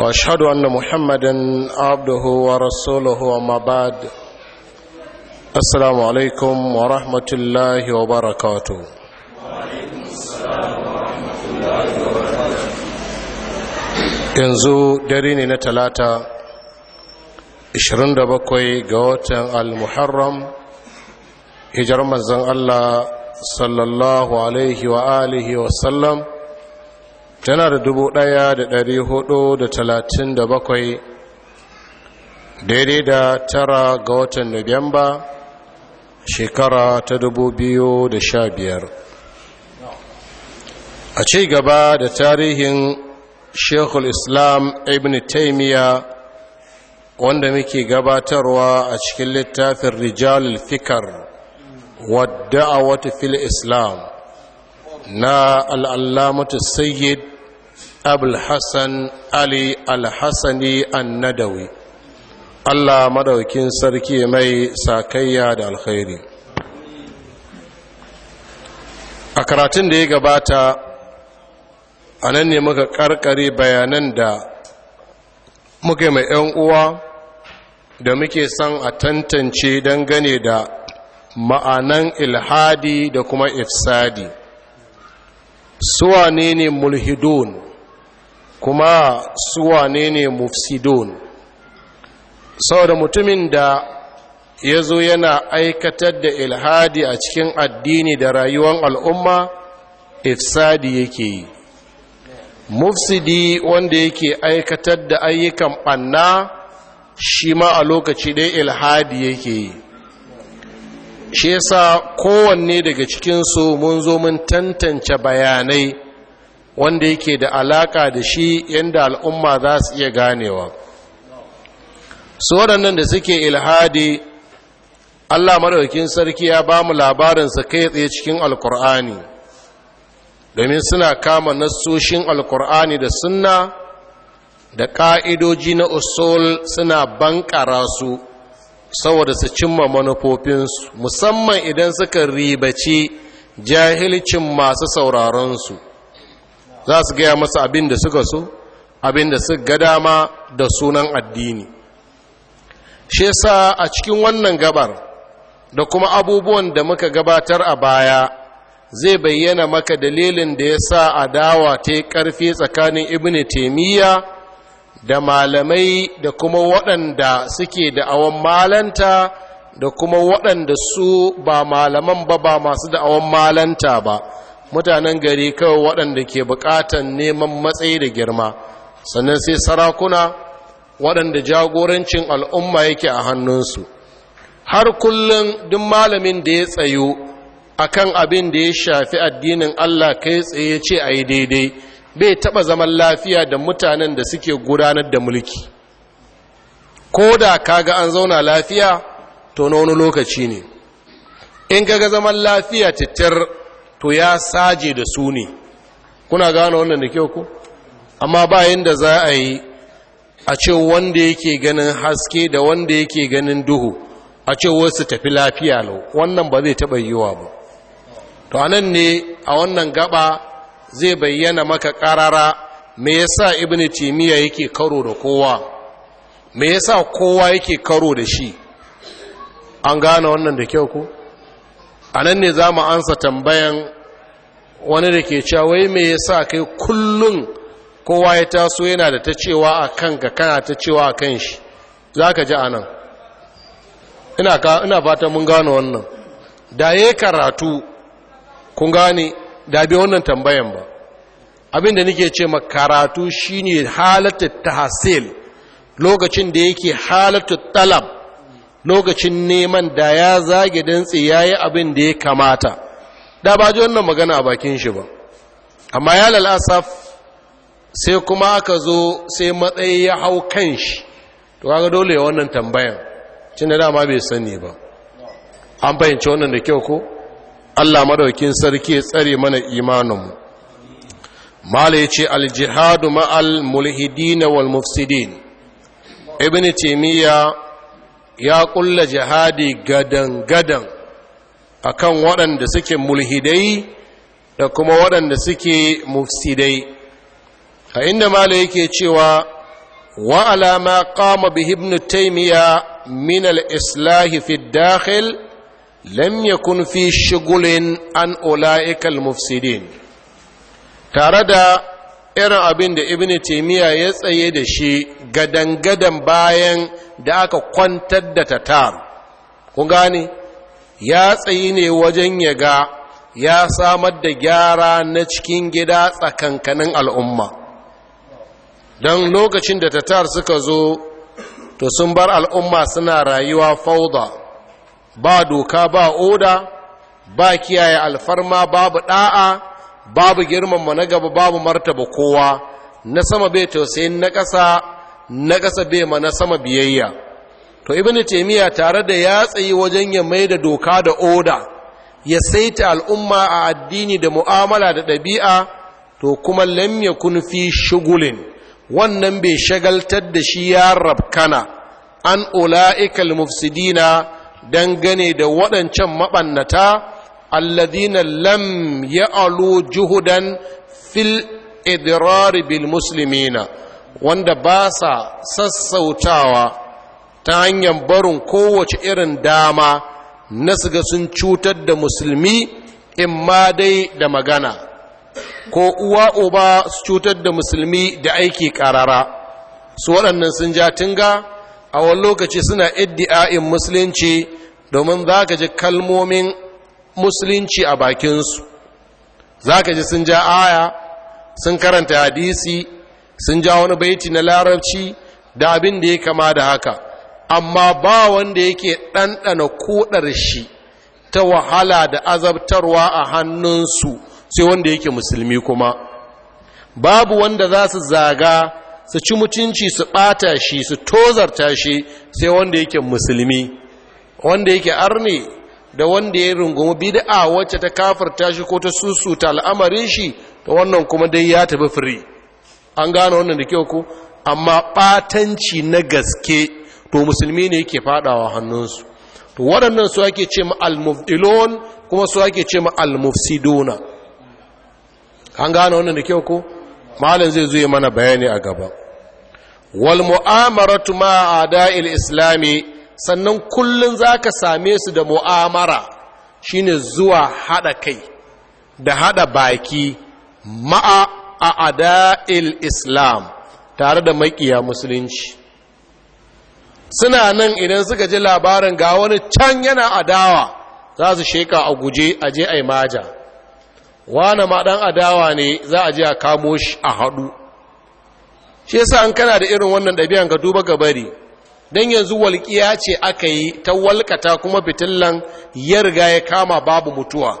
واشهد ان محمدا عبده ورسوله وما بعد السلام عليكم ورحمه الله وبركاته yanzu dare ne na talata 27 ga watan al-muharram hijar manzon Allah sallallahu alaihi wa alihi wa sallam tana da dubu ɗaya da ɗari hudu da talatin da bakwai daidai da tara ga watan nuyamba shekara ta dubu biyu da sha biyar a ci gaba da tarihin shekul islam ibn taimiyya wanda muke gabatarwa a cikin littafin rijal fikar wadda a wata fil islam na al'allamatu sayyid abul ali alhassani annadawi allah madaukin sarki mai sakayya da alkhairi a karatun da ya gabata a nan ne muka karkare bayanan da muke mai 'yan uwa da muke son a tantance dangane da ma'anan ilhadi da kuma ifsadi suwa ne ne mulhidun kuma suwane ne mufsidun saboda mutumin da ya zo yana aikatar da ilhadi a cikin addini da rayuwar al'umma ifsadi yake yi mufsidi wanda yake aikatar da ayyukan ɓanna shi ma a lokaci dai ilhadi yake yi shi yasa kowanne daga cikinsu mun zo mun tantance bayanai wanda yake da alaka da shi yadda al'umma za su iya ganewa su waɗannan da suke ilhadi allah maɗaukin sarki ya ba mu labarinsa kai tsaye cikin alkur'ani domin suna kama nassoshin alkur'ani da sunna da ƙa'idoji na usul suna bankara su saboda su cimma manufofinsu musamman idan suka ribaci jahilcin masu sauraronsu za su gaya masa abin da suka so abin da suka ga dama da sunan addini shi yasa a cikin wannan gabar da kuma abubuwan da muka gabatar a baya zai bayyana maka dalilin da ya sa a dawa ta yi ƙarfi tsakanin ibn taimiyya da malamai da kuma waɗanda suke da da'awan malanta da kuma waɗanda su ba malaman ba ba masu da'awan malanta ba mutanen gari kawai waɗanda ke buƙatan neman matsayi da girma sannan sai sarakuna waɗanda jagorancin al'umma yake a hannunsu har kullum duk malamin da ya tsayo akan abin da ya shafi addinin Allah kai tsaye ce a yi daidai bai taɓa zaman lafiya da mutanen da suke gudanar da mulki ko da kaga an zauna lafiya to na wani lokaci ne in ga zaman lafiya titir to ya saje da su ne kuna gano wannan da kyau ku amma bayan da za a yi a ce wanda yake ganin haske da wanda yake ganin duhu a ce wasu tafi lafiya lau wannan ba zai taɓa yiwa ba to anan ne a wannan gaba zai bayyana maka ƙarara me yasa ibn timiya yake karo da kowa me yasa kowa yake karo da shi an gane wannan da kyau ku a nan ne za mu ansa tambayan wani da ke wai me sa kai kullum kowa ya taso yana da ta cewa a kanka kana ta cewa a kan shi za ka ji a nan ina fata mun gano wannan da ya karatu kun gane da bi wannan tambayan ba abinda nake ce ma karatu shine halatta tahsil lokacin da yake halatta talab lokacin neman da ya zage dantse ya yi abin da ya kamata da ba ji wannan magana a bakin shi ba amma ya lalasaf sai kuma aka zo sai matsayi ya hau kan shi to kaga dole ya wannan tambayan cin da dama bai sani ba an fahimci wannan da kyau ko allah madaukin sarki ya tsare mana imaninmu mala ya ce aljihadu ma'al mulhidi na walmufsidin ibini ya kulla jihadi gadan-gadan a kan waɗanda suke mulhidai da kuma waɗanda suke mufsidai a inda mala yake cewa wa'ala ma kama bi ibn taimiya min al’islahi islahi fi dakhil lam yakun fi shigulin an ula'ikal mufsidin tare da irin abin da ibn taimiyya ya tsaye da shi gadangadan bayan da aka kwantar da tatar ku gane ya tsayi ne wajen ya ga ya samar da gyara na cikin gida tsakankanin al'umma don lokacin da tatar suka zo to sun bar al'umma suna rayuwa fauda ba doka ba oda ba kiyaye alfarma babu da'a. babu girmama na gaba babu martaba kowa na sama bai tausayin na ƙasa na ƙasa bai ma na sama biyayya to ibn taymiya tare da ya tsayi wajen ya mai da doka da oda ya saita al'umma a addini da mu'amala da ɗabi'a to kuma lamya yakun fi shugulin wannan bai shagaltar da shi ya rabkana an ula'ikal mufsidina dangane da waɗancan maɓannata alladina lam ya'alu juhudan fil idrar bil musulmina wanda ba sa sassautawa ta hanyar barin kowace irin dama na siga sun cutar da musulmi in ma dai da magana ko uwa uba su cutar da musulmi da aiki ƙarara su waɗannan sun ja tunga a wani lokaci suna iddi'a'in musulunci domin za ka ji kalmomin musulunci a bakinsu za ka ji sun ja aya sun karanta hadisi sun ja wani baiti na larabci da abin da ya kama da haka amma ba wanda yake ɗanɗana koɗar shi ta wahala da azabtarwa a hannunsu sai wanda yake musulmi kuma babu wanda za su zaga su ci mutunci su ɓata shi su tozarta shi sai wanda yake musulmi wanda yake arne da wanda ya rungumi bid'a wacce ta kafarta shi ko ta susuta al'amarin shi to wannan kuma dai ya tafi firi an gano wannan da kyau ko amma batanci na gaske to musulmi ne yake fadawa hannunsu to waɗannan su ake ce ma al kuma su ake ce ma al-mufsiduna an gano wannan da kyau ko malam zai zo mana bayani a gaba wal mu'amaratu ma dail islami sannan kullum za ka same su da mu'amara shine zuwa haɗa kai da haɗa baki ma'a a ada'il islam tare da maƙiya musulunci suna nan idan suka ji labarin ga wani can yana adawa za su sheka a guje a je a yi maja wane ma ɗan adawa ne za a je a kamo shi a haɗu shi yasa an kana da irin wannan ɗabi'an ka duba ka bari don yanzu walƙiya ce aka yi ta walƙata kuma fitillan ya riga ya kama babu mutuwa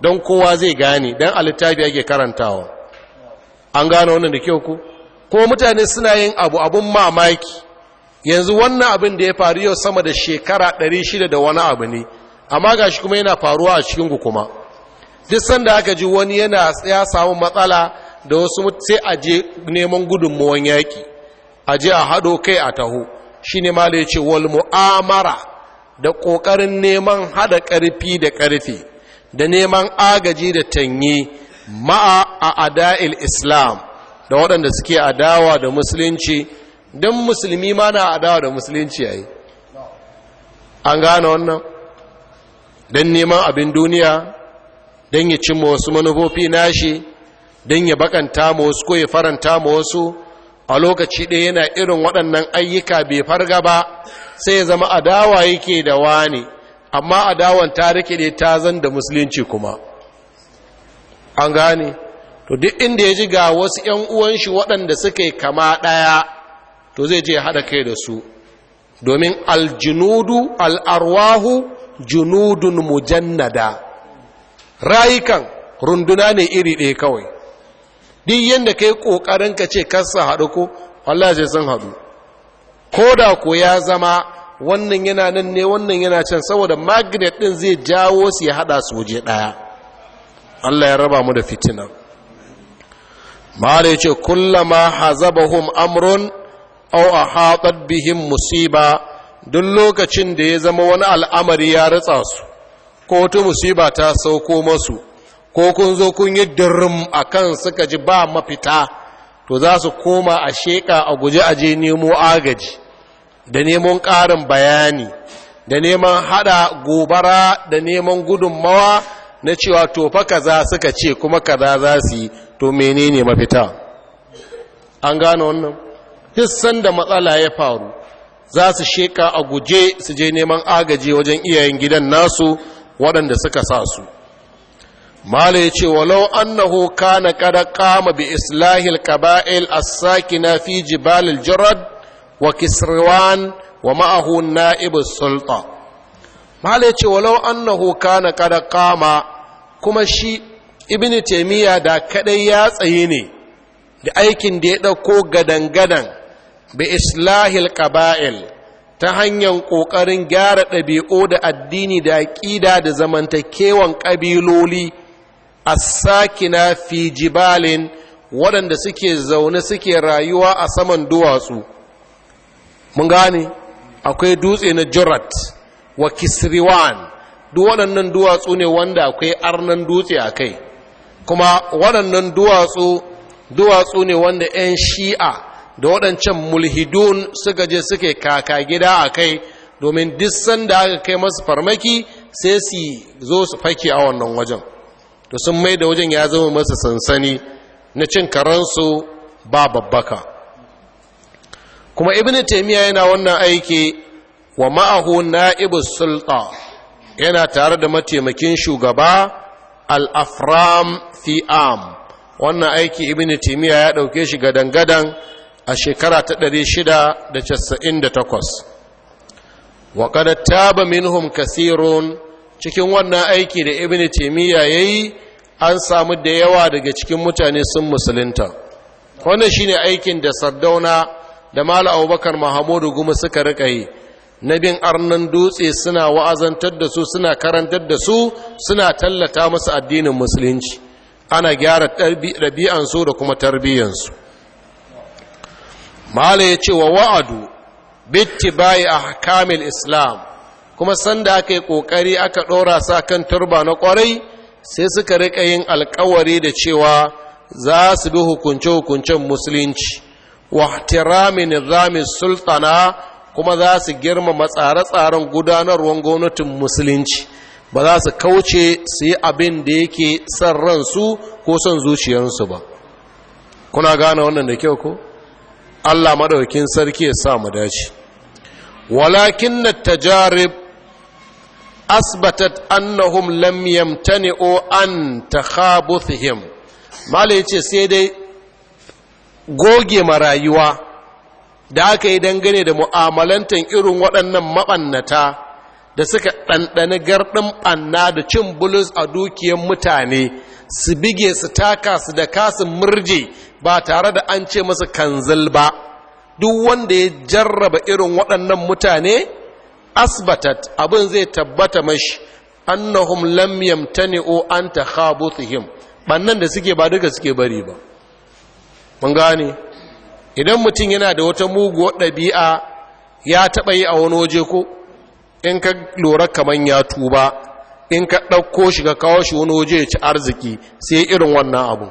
don kowa zai gane don a littafi ake karantawa an gano wannan da kyau ku ko mutane suna yin abu abun mamaki yanzu wannan abin da ya faru yau sama da shekara 600 da wani abu ne amma gashi kuma yana faruwa a cikin ku kuma duk sanda aka ji wani yana ya samu matsala da wasu sai a je neman gudunmuwan yaƙi a je a haɗo kai a taho shine mala ce wal mu'amara da ƙoƙarin neman hada ƙarfi da ƙarfi da neman agaji da tanyi ma'a a ada'il islam da waɗanda suke adawa da musulunci don musulmi ma na adawa da musulunci yayi an gane wannan don neman abin duniya don ya cimma wasu manufofi nashi don ya bakanta ma wasu ko ya faranta ma wasu a lokaci ɗaya yana irin waɗannan ayyuka bai farga ba sai ya zama adawa yake da wani amma adawan ta rike ne ta zan da musulunci kuma an gane to duk inda ya ji ga wasu ‘yan uwanshi waɗanda suka yi kama ɗaya to zai je haɗa kai da su domin aljinudu al'arwahu junudun mujannada rayukan runduna ne iri ɗaya kawai duk yadda ka yi ƙoƙarin ka ce kasa haɗu ko Allah zai sun haɗu ko da ko ya zama wannan yana nan ne wannan yana can saboda magnet ɗin zai jawo su ya haɗa su waje ɗaya Allah ya raba mu da fitina mara ya ce kullama hazabahum amrun au a haɗar bihim musiba duk lokacin da ya zama wani al'amari ya ritsa su ko wata musiba ta sauko masu ko kun zo kun yi dirim a kan suka ji ba mafita to za su koma a sheƙa a guji aje nemo agaji da neman ƙarin bayani da neman haɗa gobara da neman gudunmawa na cewa to fa kaza suka ce kuma kaza za su yi to menene mafita an gane wannan hissan da matsala ya faru za su sheka a guje su je neman agaji wajen iyayen gidan nasu waɗanda suka sa su mala ya ce walau annahu kana kada kama bi islahil kaba'il as-sakina fi jibalil jarad wa kisrawan wa ma'ahu na'ibu sulta mala ya ce walau annahu kana kada kama kuma shi ibn taimiyya da kadai ya tsaye ne da aikin da ya ɗauko gadan-gadan bi islahil kaba'il ta hanyar ƙoƙarin gyara ɗabi'u da addini da aƙida da zamantakewan ƙabiloli as-sakina fi jibalin waɗanda suke zaune suke rayuwa a saman duwatsu mun gane akwai dutse na jurat wa kisriwan duk waɗannan duwatsu ne wanda akwai arnan dutse a kai kuma waɗannan duwatsu duwatsu ne wanda 'yan shi'a da waɗancan mulhidun suka je suke kaka gida a kai domin duk sanda aka kai masu farmaki sai su zo su fake a wannan wajen to sun mai da wajen ya zama masa sansani na cin karansu ba babbaka kuma ibn taimiyya yana wannan aiki wa ma'ahu na'ibu sulta yana tare da mataimakin shugaba al-afram Am. wannan aiki ibn taimiyya ya ɗauke shi gadangadan a shekara ta shida da 698 wa kada taba minhum kasirun cikin wannan aiki da ibn taimiyya ya yi an samu da yawa daga cikin mutane sun musulunta wannan shine aikin da sardauna da mala abubakar mahamudu guma suka rika yi na bin arnan dutse suna wa'azantar da su suna karantar da su suna tallata musu addinin musulunci ana gyara ɗabi'ansu da kuma tarbiyyansu mala ya ce wa wa'adu bitti bayi a kamil islam kuma sanda aka yi ƙoƙari aka ɗora sa kan turba na kwarai sai suka rika yin alkawari da cewa za su bi hukunce-hukuncen musulunci wa tirami nizamin sultana kuma za su girmama tsare-tsaren gudanarwar gwamnatin musulunci ba za su kauce su yi abin da yake son ransu ko son zuciyarsu ba kuna gane wannan da kyau ko allah maɗaukin sarki ya sa mu dace walakin na tajarib asbatat annahum lam yamtani'u an takhabuthihim mala yace sai dai goge marayuwa da aka yi dangane da mu'amalantan irin waɗannan maɓannata da suka ɗanɗani garɗin ɓanna da cin bulus a dukiyar mutane su bige su taka su da kasu murje ba tare da an ce masa kanzil ba duk wanda ya jarraba irin waɗannan mutane asbatat abin zai tabbata mashi annahum lam yamtani'u an takhabuthihim bannan da suke ba duka suke bari ba mun gane idan mutum yana da wata muguwar ɗabi'a ya taba yi a wani waje ko in ka lura kaman ya tuba in ka ɗauko shi ka kawo shi wani waje ya ci arziki sai irin wannan abu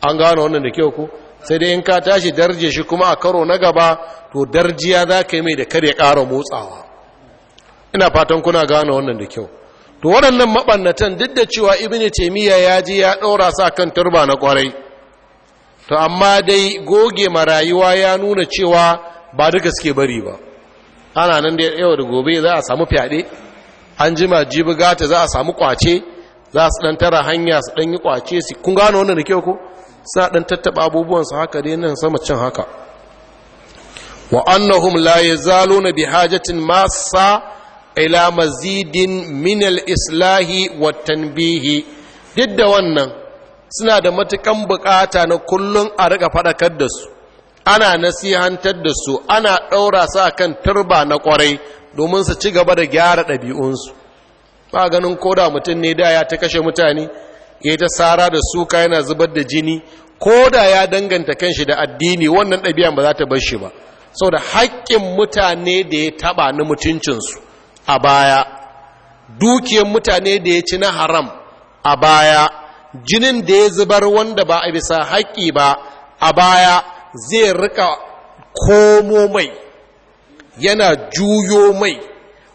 an gane wannan da kyau ko sai dai in ka tashi darje shi kuma a karo na gaba to darjiya za ka yi mai da kare ƙara motsawa ina fatan kuna gano wannan da kyau to waɗannan maɓannatan duk da cewa ibn taimiyya ya je ya ɗora sa kan turba na ƙwarai to amma dai goge marayuwa ya nuna cewa ba duka suke bari ba ana nan da yau da gobe za a samu fyaɗe an jima jibi gata za a samu ƙwace za su ɗan tara hanya su ɗan yi ƙwace su kun gane wannan da kyau ko sa dan tattaba sa haka dai nan sama cin haka wa annahum la yazaluna bi hajatin massa ila mazidin min al-islahi wa tanbihi duk da wannan suna da matukan bukata na kullun a riga fadakar da su ana nasihantar da su ana ɗaura su a kan turba na kwarai domin su ci gaba da gyara ɗabi'unsu ba ganin koda mutum ne da ya ta kashe mutane ya ta sara da suka yana zubar da jini ko da ya danganta kanshi da addini wannan ɗabi'an ba za ta bar shi ba Sau da haƙƙin mutane da ya taɓa na mutuncinsu a baya dukiyar mutane da ya ci na haram a baya jinin da ya zubar wanda ba a bisa haƙƙi ba a baya zai rika komo mai yana juyo mai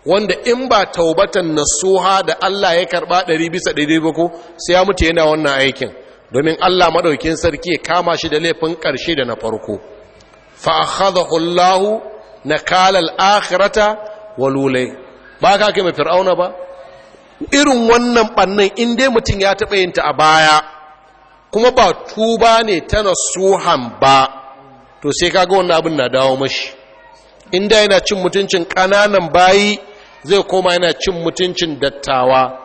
wanda in ba taubatan nasuha da Allah ya karba ɗari bisa ɗari ba ko sai ya mutu yana wannan aikin domin Allah maɗaukin sarki ya kama shi da laifin ƙarshe da na farko fa akhadahu Allah na kalal akhirata walulai ba ka kai mai fir'auna ba irin wannan ɓannan in dai mutum ya taɓa yin ta a baya kuma ba tuba ne ta nasuhan ba to sai kaga wannan abin na dawo mashi inda yana cin mutuncin ƙananan bayi zai koma yana cin mutuncin dattawa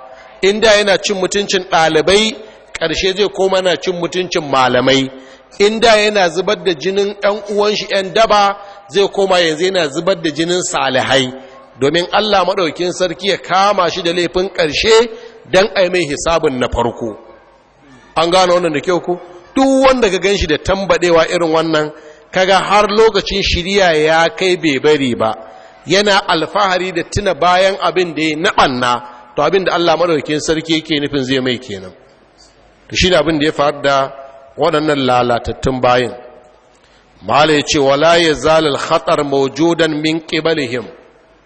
inda yana cin mutuncin ɗalibai ƙarshe zai koma yana cin mutuncin malamai inda yana zubar da jinin ɗan uwanshi ‘yan daba zai koma yanzu yana zubar da jinin salihai domin allah maɗaukin sarki ya kama shi da laifin ƙarshe don aimai hisabin na farko an gano wannan da kyau ku duk wanda ka ganshi da tambadewa irin wannan kaga har lokacin shirya ya kai bai bari ba yana alfahari da tuna bayan abin da ya naɓanna to abin da Allah maɗaukin sarki yake nufin zai mai kenan to shi abin da ya faru da waɗannan lalatattun bayan mala ya ce wala ya zalal khatar maujudan min qibalihim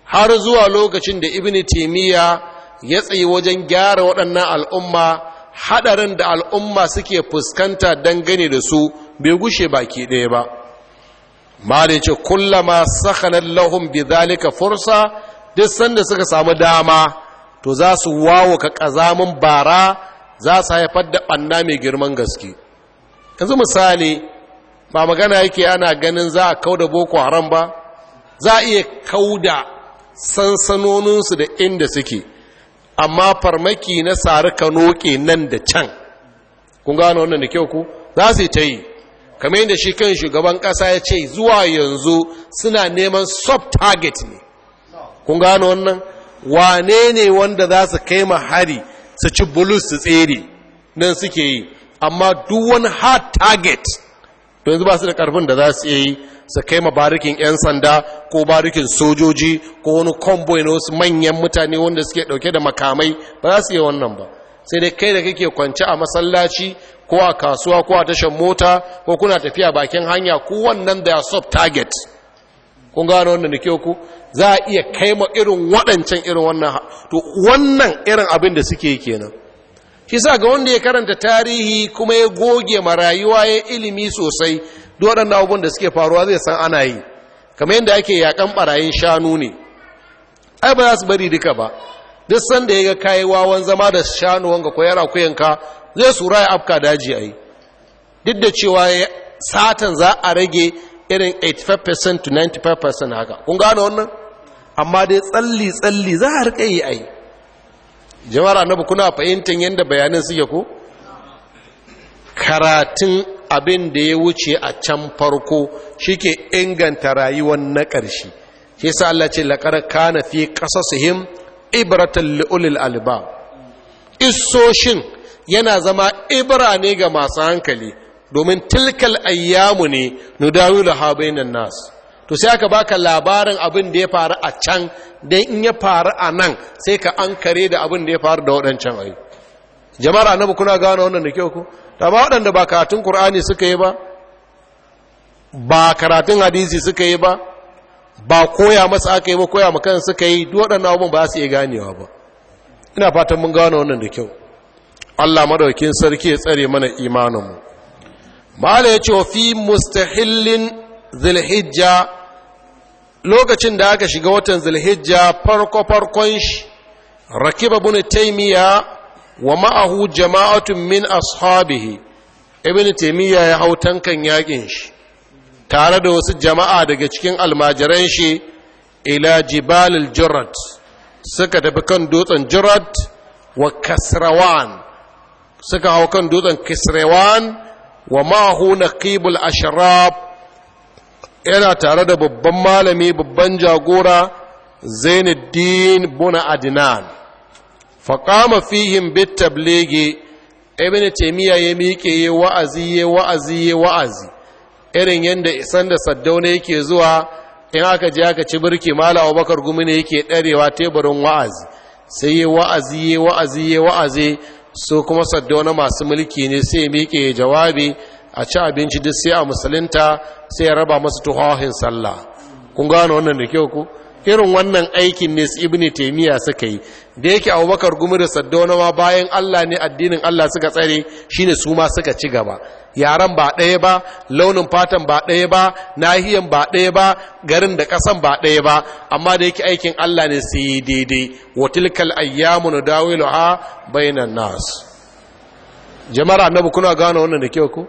har zuwa lokacin da ibn timiya ya tsaye wajen gyara waɗannan al'umma haɗarin da al'umma suke fuskanta dangane da su bai gushe baki ɗaya ba mala yace kullama lahun lahum bidhalika fursa duk sanda suka samu dama to za su wawo ka kazamin bara za su haifar da ɓanna mai girman gaske yanzu misali ba magana yake ana ganin za a kauda boko haram ba za a iya kauda sansanoninsu da inda suke amma farmaki na sari kanoke nan da can kun gano wannan da kyau ku za su yi ta yi kamar yadda shi kan shugaban ƙasa ya ce zuwa yanzu suna neman soft target ne kun gano wannan wane ne wanda za su kai ma hari su ci bulus su tsere nan suke yi amma duk wani hard target to yanzu ba su da karfin da za su yi su kai ma barikin 'yan sanda ko barikin sojoji ko wani kombo na wasu manyan mutane wanda suke dauke da makamai ba za su yi wannan ba sai dai kai da kake kwance a masallaci ko a kasuwa ko a tashar mota ko kuna tafiya bakin hanya ko wannan da sub target kun gano wannan da ke ku za a iya kai ma irin waɗancan irin wannan to wannan irin abin da suke kenan shi sa ga wanda ya karanta tarihi kuma ya goge ma rayuwa ya ilimi sosai duk waɗannan abubuwan da suke faruwa zai san ana yi kamar yadda ake yaƙan barayin shanu ne ai ba za su bari duka ba duk sanda ya ga kayi wawan zama da shanuwanka ko yara kuyanka zai sura ya afka daji a yi duk da cewa satan za a rage irin 85% to 95% haka kun gano wannan amma dai tsalli-tsalli za a rika yi a yi jama'ar annabi kuna fahimtar yadda bayanin suke ko karatun abin da ya wuce a can farko shike inganta rayuwar na ƙarshe shi sa Allah ce laƙar kana fi ƙasa su him ibratan li'ulil alba isoshin yana zama ibra ne ga masu hankali domin tilkal ayyamu ne nudawi ha bainan to sai aka baka labarin abin da ya faru a can da in ya faru a nan sai ka an kare da abin da ya faru da waɗancan ayi jama'ar annabi kuna gane wannan da kyau ku ta ba waɗanda ba karatun qur'ani suka yi ba ba karatun hadisi suka yi ba ba koya masa aka yi ba koya makan suka yi waɗannan abin ba su iya ganewa ba ina fatan mun gano wannan da kyau allah madaukin sarki ya tsare mana imaninmu mala ya ce wa fi mustahillin zilhijja lokacin da aka shiga watan zilhijja farko-farkon shi rakiba bin wa ma'ahu jama'atun min ashabihi ibn taimiyya ya hau tankan yakin shi tare da wasu jama'a daga cikin almajiran shi ila jibalil jurat suka tafi kan dutsen jurat wa kasrawan suka hau kan dutsen kasrawan wa ma'ahu naqibul ashraf yana tare da babban malami babban jagora zainuddin buna adnan faqama fihim bit tabligi ibn taymiya ya miƙe ya wa'azi ya wa'azi ya wa'azi irin yadda isan da saddauna yake zuwa in aka je aka ci birki mala abubakar gumi ne yake ɗarewa teburin wa'azi sai yi wa'azi yi wa'azi yi wa'azi su kuma saddauna masu mulki ne sai miƙe jawabi a ci abinci duk sai a musulunta sai ya raba masu tuhohin sallah kun gano wannan da kyau ku irin wannan aikin ne ibn taimiyya suka yi da yake abubakar gumi da saddauna bayan allah ne addinin allah suka tsare shine su ma suka ci gaba Yaren ba ɗaya ba launin fatan ba ɗaya ba nahiyan ba ɗaya ba garin da ƙasan ba ɗaya ba amma da yake aikin allah ne su yi daidai wa ayyamu na dawilu a bainan nas jama'ar annabi kuna gano wannan da kyau ko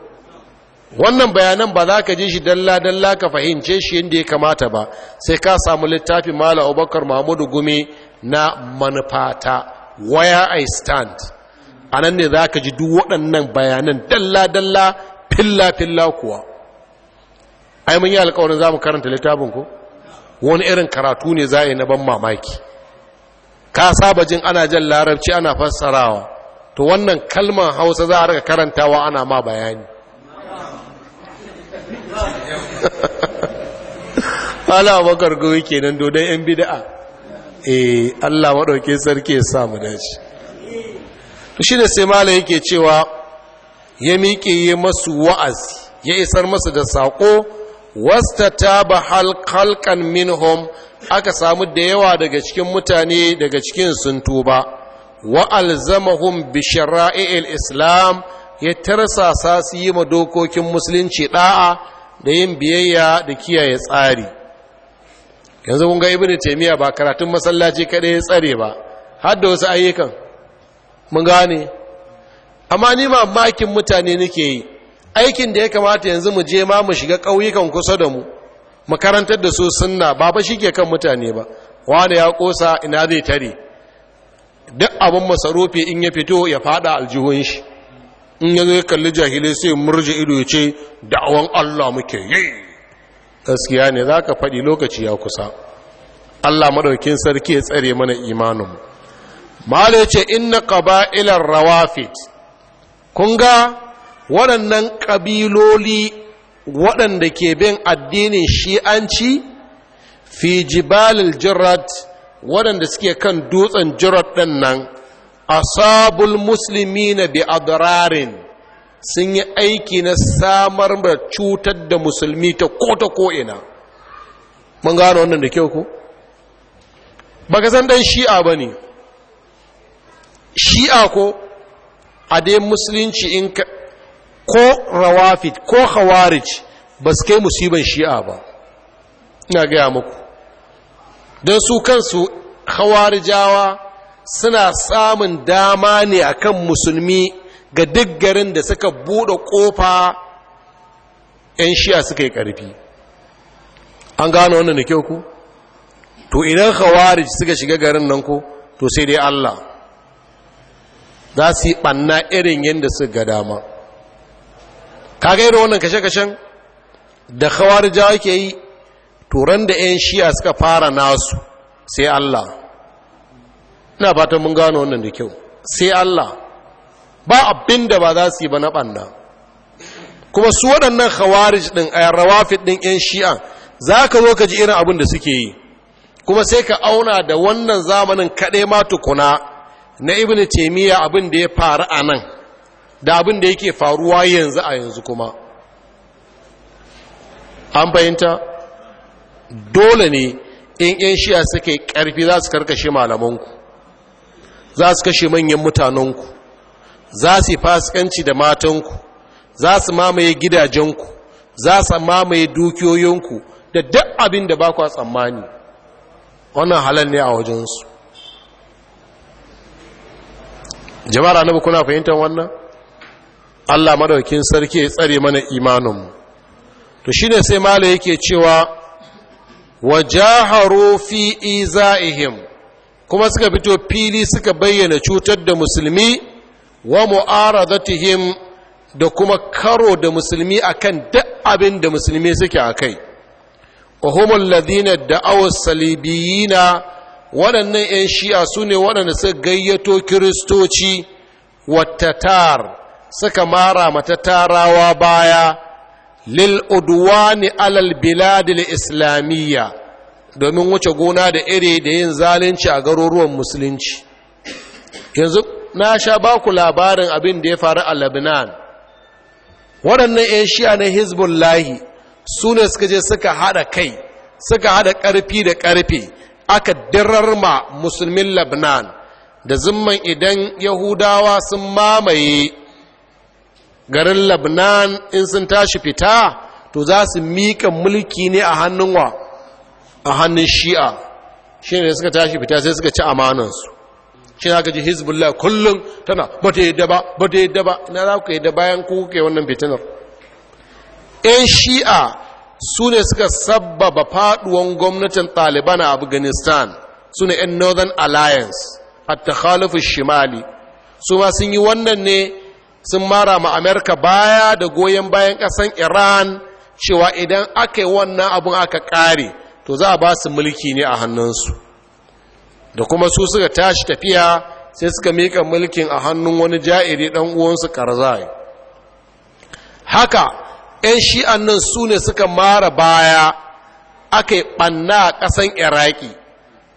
wannan bayanan ba za ka ji shi dalla-dalla ka fahimce shi yadda ya kamata ba sai ka samu littafin mala abubakar mahmudu gumi na manufata where I stand a nan ne za ka ji duk waɗannan bayanan dalla-dalla filla-filla kuwa ai mun yi alkawarin za mu karanta littafin ku wani irin karatu ne za a na ban mamaki ka saba jin ana jan larabci ana fassarawa to wannan kalman hausa za a rika karantawa ana ma bayani ala bakar goyi kenan dodon yan bida'a eh Allah madauke sarki ya sa mu dace to shine sai malai yake cewa ya miƙe ya masu wa'azi ya isar masu da sako wastataba khalqan minhum aka samu da yawa daga cikin mutane daga cikin sun tuba wa alzamahum bi shara'il islam ya tarsasa su yi ma dokokin musulunci da'a da yin biyayya da kiyaye tsari yanzu kun ga ibn taymiya ba karatun masallaci kaɗai ya tsare ba har da wasu ayyukan mun gane amma ni ma mamakin mutane nake yi aikin da ya kamata yanzu mu je ma mu shiga ƙauyukan kusa da mu mu karantar da su sunna ba ba shi ke kan mutane ba wani ya kosa ina zai tare duk abin masarufi in ya fito ya fada aljihun shi in ya ya kalli jahilai sai murji ido ya ce da'awan allah muke yi gaskiya ne za ka faɗi lokaci ya kusa allah maɗaukin sarki ya tsare mana imaninmu mala ya ce inna ƙaba'ilar rawafit kun ga waɗannan ƙabiloli waɗanda ke bin addinin shi'anci fi jibalil jirat waɗanda suke kan dutsen jirat ɗin nan asabul musulmi na bi sun yi aiki na samar da cutar da musulmi ta ko ko'ina mun gano wannan da kyau ko ba ka san ɗan shi'a ba ne shi'a ko a dai musulunci in ka ko rawafid ko khawarij ba su kai musiban shi'a ba ina gaya muku don su kansu Hawarijawa suna samun dama ne akan musulmi ga duk garin da suka buɗe ƙofa 'yan shiya suka yi ƙarfi an gano wannan da kyau ku to idan khawarij suka shiga garin nan ku to sai dai Allah za su yi ɓanna irin yadda su ga dama kaga irin wannan kashe-kashen da khawarijawa ke yi turan da 'yan shiya suka fara nasu sai Allah ina fatan mun gano wannan da kyau sai Allah ba abin da ba za su yi ba na ɓanna kuma su waɗannan khawarij ɗin a rawafid ɗin 'yan shi'a za ka zo ka ji irin abin da suke yi kuma sai ka auna da wannan zamanin kaɗai ma tukuna na ibn taimiyya abin da ya faru a nan da abin da yake faruwa yanzu a yanzu kuma an fahimta dole ne in 'yan shi'a suke ƙarfi za su karkashe malamanku za su kashe manyan mutanenku za su fasikanci da matanku za su mamaye gidajenku za su mamaye dukiyoyinku da duk abin da ba kwa tsammani wannan halal ne a wajensu jama'ar na kuna fahimtar wannan Allah madaukin sarki ya tsare mana imaninmu to shida sai mala yake cewa wajaharu fi izaihim kuma suka fito fili suka bayyana cutar da musulmi wa mu'aradatihim da kuma karo da musulmi akan duk abin da musulmi suke a kai wahumul ladina da'aw salibiyina waɗannan 'yan shi'a su ne waɗanda suka gayyato kiristoci Tatar suka mara matatarawa baya lil udwani alal biladil islamiyya domin wuce gona da iri da yin zalunci a garuruwan musulunci yanzu na sha ba ku labarin abin da ya faru a Labnan. waɗannan 'yan shi'a na Hezbollahi su ne suka je suka haɗa kai suka haɗa ƙarfi da ƙarfe aka dirar ma musulmin Labnan. da zimman idan Yahudawa sun mamaye garin Labnan in sun tashi fita to za su miƙa mulki ne a hannun wa a hannun shi'a shi ne suka tashi fita sai suka ci amanansu shi za ka ji hezbollah kullum tana ba yadda ba ba yadda ba na za ku yadda bayan ku kuke wannan fitinar yan shi'a su ne suka sabbaba faduwan gwamnatin taliban a afghanistan su ne yan northern alliance hatta khalifu shimali su ma sun yi wannan ne sun mara ma amerika baya da goyon bayan kasan iran cewa idan aka yi wannan abun aka kare to za a ba su mulki ne a hannunsu da kuma su suka tashi tafiya sai suka mika mulkin a hannun wani ja'iri ɗan uwansu karzai haka 'yan shi'an nan su ne suka mara baya aka yi ɓanna a ƙasan iraki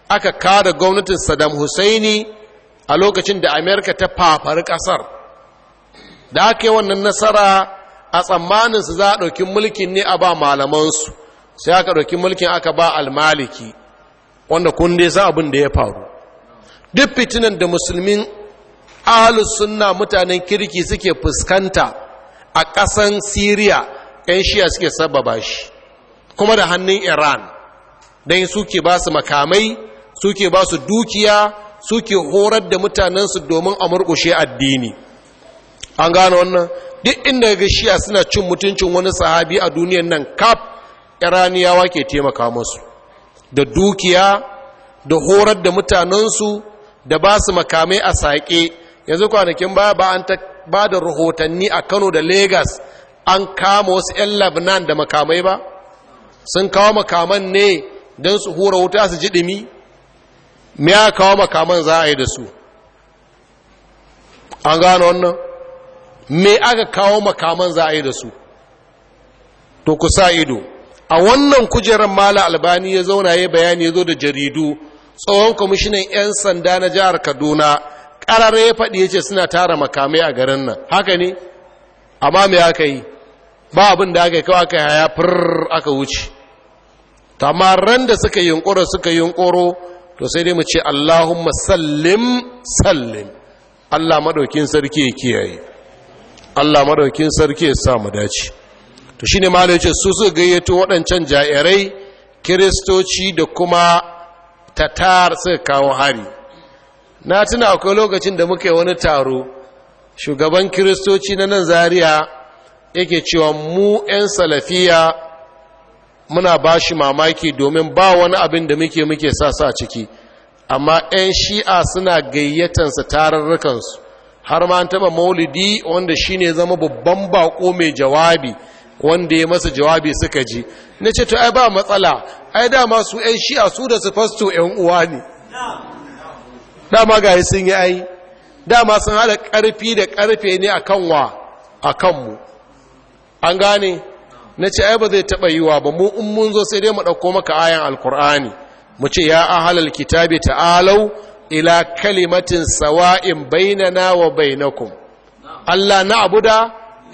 aka kada gwamnatin saddam husaini a lokacin da amerika ta fafari ƙasar da aka yi wannan nasara a tsammaninsu za a ɗauki mulkin ne a ba malamansu sai aka ɗauki mulkin aka ba almaliki wanda kun dai sa abin da ya faru duk fitinan da musulmin ahalus sunna mutanen kirki suke fuskanta a ƙasan siriya 'yan shiya suke sababa shi kuma da hannun iran don suke ba su makamai suke ba su dukiya suke horar da mutanensu domin a murƙushe addini an gane wannan duk inda ga shiya suna cin mutuncin wani sahabi a duniyan nan kaf iraniyawa ke taimaka musu da dukiya da horar da mutanensu da ba su makamai a saƙe yanzu kwanakin ba ba an ta ba da rahotanni a kano da Legas an kama wasu 'yan labnan da makamai ba sun kawo makaman ne don su hura wuta su ji ɗimi me ya kawo makaman za a yi da su an gano wannan me aka kawo makaman za a yi da su to ku sa ido a wannan kujerar mala albani ya zauna ya bayani ya zo da jaridu tsohon kwamishinan 'yan sanda na jihar kaduna ƙarar ya faɗi ya ce suna tara makamai a garin nan haka ne amma mai aka yi ba abin da aka yi kawai aka haya fir aka wuce tamaran da suka yunkuro suka yunkuro to sai dai mu ce allahumma sallim sallim allah maɗaukin sarki ya kiyaye allah maɗaukin sarki ya sa mu dace to shine malai yace su suka gayyato waɗancan ja'irai kiristoci da kuma tatar suka kawo hari na tuna akwai lokacin da muka yi wani taro shugaban kiristoci na nan zaria yake cewa mu 'yan salafiya muna ba shi mamaki domin ba wani abin da muke muke sa sa ciki amma 'yan shi'a suna gayyatansa tararrukansu har ma an taɓa maulidi wanda shine zama babban baƙo mai jawabi wanda ya masa jawabi suka ji na ce to ai ba matsala ai dama su ‘yan shi'a su da su fasto ‘yan uwa ne dama ga sun yi ai dama sun haɗa ƙarfi da ƙarfe ne a kanwa a kanmu an gane na ce ai ba zai taɓa yiwa ba mu in mun zo sai dai mu ɗauko maka ayan alkur'ani mu ce ya ahlal kitabi ta'alau ila kalimatin sawa'in bainana wa bainakum Allah na abu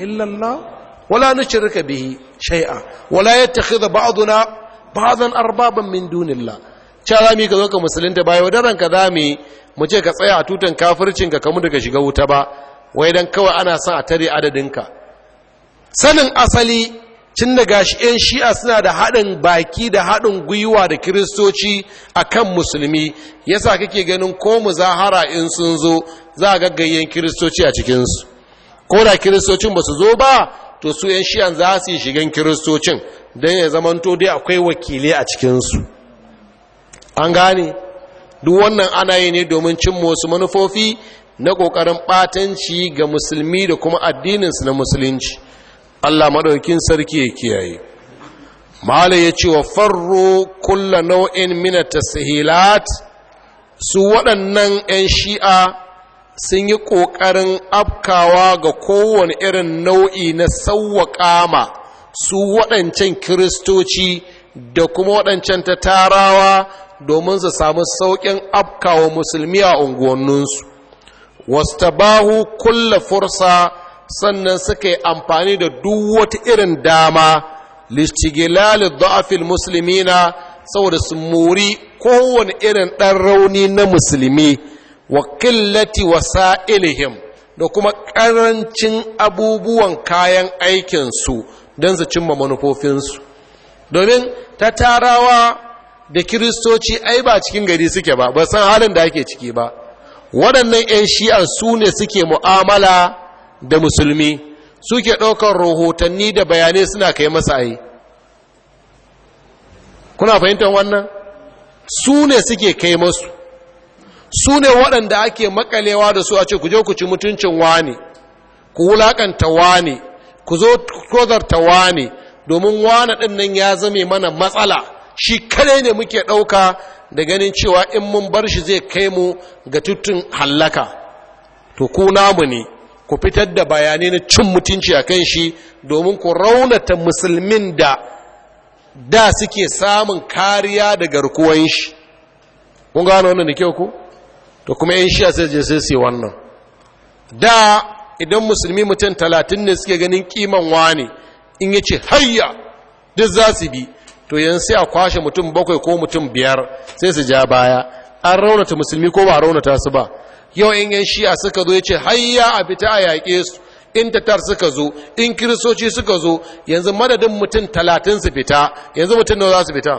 illallah wala nushrika bihi shai'a wala yattakhidha ba'duna ba'dan arbaban min dunillah cha zami ka zo ka musulunta ba yaudaran ka zami mu ce ka tsaya a tutan kafircin ka kamu daga shiga wuta ba wai dan kawai ana son a tare adadin ka sanin asali tun daga shi yan shi'a suna da haɗin baki da haɗin gwiwa da kiristoci a kan musulmi yasa kake ganin ko muzahara in sun zo za a gaggayyen kiristoci a cikinsu ko da kiristocin ba su zo ba to su yan shiyan za su yi shigan kiristocin don ya zamanto dai akwai wakilai a cikinsu an gane duk wannan ana yi ne domin cin wasu manufofi na ƙoƙarin ɓatanci ga musulmi da kuma addininsu na musulunci allah maɗaukin sarki ya kiyaye mahala ya ce wa farro kulla nau'in minata sahilat su waɗannan 'yan shi'a sun yi ƙoƙarin afkawa ga kowane irin nau'i na sauwaƙama ƙama su waɗancan kiristoci da kuma waɗancan ta domin su samu sauƙin afkawa musulmi a unguwanninsu Wasu wastabahu kulla fursa sannan suka yi amfani da duk wata irin dama listigilali da'afil musulmina saboda su mori kowane irin ɗan rauni na musulmi wa killati wasa'ilihim da kuma ƙarancin abubuwan kayan aikinsu don su cimma manufofinsu domin ta tarawa da kiristoci ai ba cikin gari suke ba ba san halin da ake ciki ba waɗannan 'yan Shi'a su ne suke mu'amala da musulmi suke ɗaukar rahotanni da bayanai suna kai masa ai kuna fahimtar wannan su ne suke kai masu su ne waɗanda ake makalewa da su a ce ku je ku ci mutuncin wani ku wulaƙanta wani ku zo kozarta wani domin wani ɗin nan ya zame mana matsala shi kare ne muke ɗauka da ganin cewa in mun bar shi zai kai mu ga tutun hallaka to ku namu ne ku fitar da bayanai na cin mutunci a kan shi domin ku raunata musulmin da da suke samun kariya da garkuwan shi kun gano wannan da kyau ku to kuma shi shiya sai je sai su wannan da idan musulmi mutum talatin ne suke ganin kiman wani in ya ce hayya duk za su bi to yin sai a kwashe mutum bakwai ko mutum biyar sai su ja baya an raunata musulmi ko ba raunata su ba yau in yan shiya suka zo ya ce hayya a fita a yaƙe su in tatar suka zo in kiristoci suka zo yanzu madadin mutum talatin su fita yanzu mutum nawa za su fita